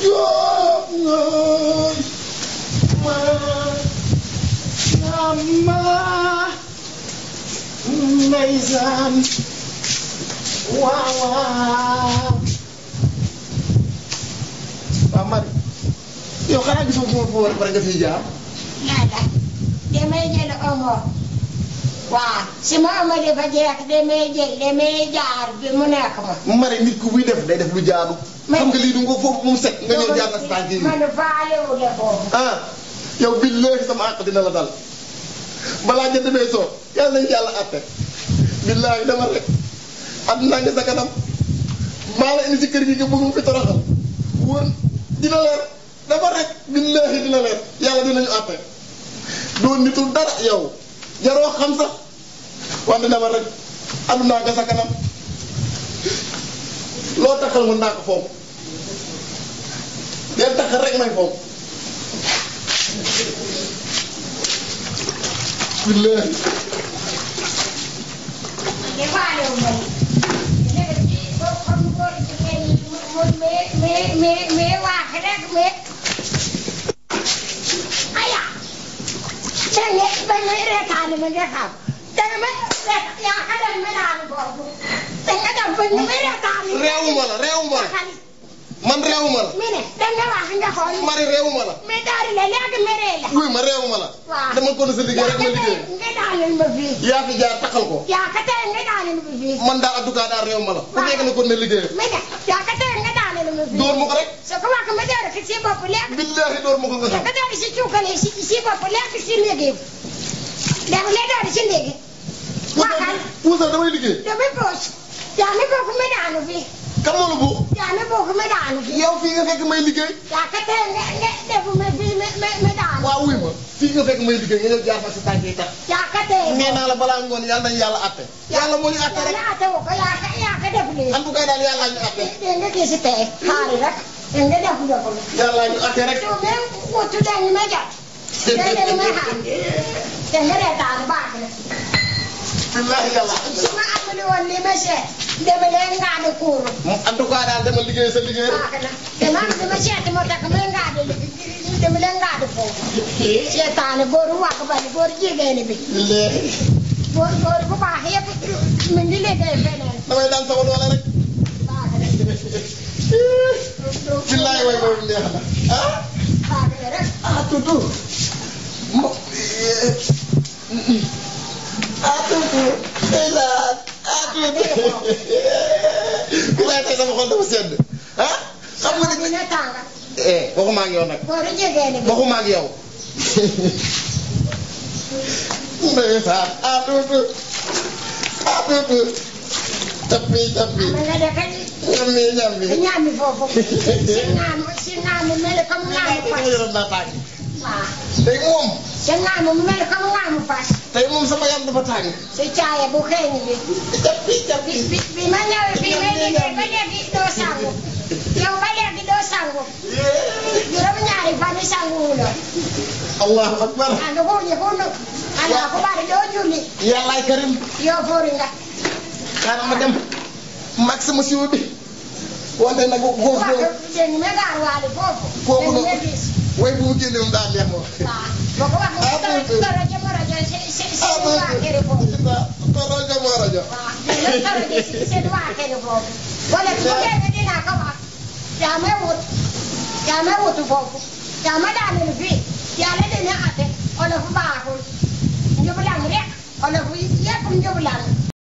jangan menambah mizan wawa Pamar yo kana gisoo suma foor barga si jaam nada demay ñene omo waaw si Mouhamad nit ku buy def day def lu jaadu. xam nga lii du set nga jaar yi. man ah yow billahi sama àq dina la dal balaa nga demee soo yàlla nañ yàlla àtte billahi dama rek at naa nga la indi si kër gi nga bëgg mu fi toroxal wóor dina leer dama rek billahi dina leer yàlla dinañu àtte doon nitul dara yow xam sax wante demal rek àdduna nga sa kanam loo taxal mën naa ko foofu dee taxal rek may foofu billahi Aya, saya banyak rekan mereka. réewuma la réewuma la man réewuma la. mi ne danga wax nga xool. mari réewuma la. mais daari la léegi meree la. wuy ma réewuma la. waaw dama ko liggéey rek ma liggéey. nga daaneel ma fii. yaa fi jaar ko. yaa ka tey nga daaneel ma fii. man daal en tout cas daal réewuma la. ku nekk na ko liggéey. mi ne yaa ka tey nga daaneel ma fii. door ma rek. soo ko wax ma door ko si bopp léegi. billaahi door ma ko nga xam. puusal damay liggéey. damay poos. jaane boobu ma daanu fi. kan moo la buux. jaane boobu ma daanu fi. yow fii nga fekk may liggéey. yaa ka tey ne ne defu ma fii ma ma ma daanu. waaw wuy ma fii nga fekk may liggéey nga ñëw jaar fa sa tànk yi tax. yaa ka tey nee naa la balaa ngoon yàlla nañu yàlla atte. yàlla moo ñu atte rek yàlla atte woo ko yaa ka yaa ka def lii. en tout cas daal yàlla ñu atte. dégg nga gis tey xaari rek. dégg nga def nga ko. yàlla ñu atte rek. yow même wutu dañu ma jàpp. dégg nga def ma xaar. dégg nga def daal baax na. billahi yàlla. su ma amul woon li ma seet. demalee ngaadu kuuru. en tout cas daal dama liggéey sa liggéey. waaw dama am li ma seet moo tax muy ngaadu demalee ngaadu kuuru. seetaane góoru wax bari góoru jigéen bi. góor góor bu baax yëpp mi ngi liggéey feneen. damay daan sama doole rek. billaay way boobu neex na ah. ah tudd. Eh, eh. ndeysaan ah tuuti bu may tey sama xol dafa sedd ah xam nga ni eh waxuma ak yow nag waxuma ak yow ndeysaan ah tuuti ah tuuti tapi tapi si naam mu mel comme naamu fas. mu mel Tapi mau sama yang dafa tàng. su caaya bu xeeñ bi. jàppi jàppi bi bi ma ñëwee bi may liggéey ba léegi akbar. allah ku bari doo julli. yàllaay karim. yoo fóori nga. xaaral ma dem. mag sama siwo bi. wante nag góob góob. Kau dégg mega gaar waale foofu. foofu noonu way bu mu génne moom daa neex خرج سيدو آخر فوق خرج مهرج خرج سيدو آخر فوق ولا تقول لنا كما تعمل تعمل تفوق تعمل على البيت يا لدينا أتي ولا في بعض ولا في الأمريكا ولا في يكم جبلان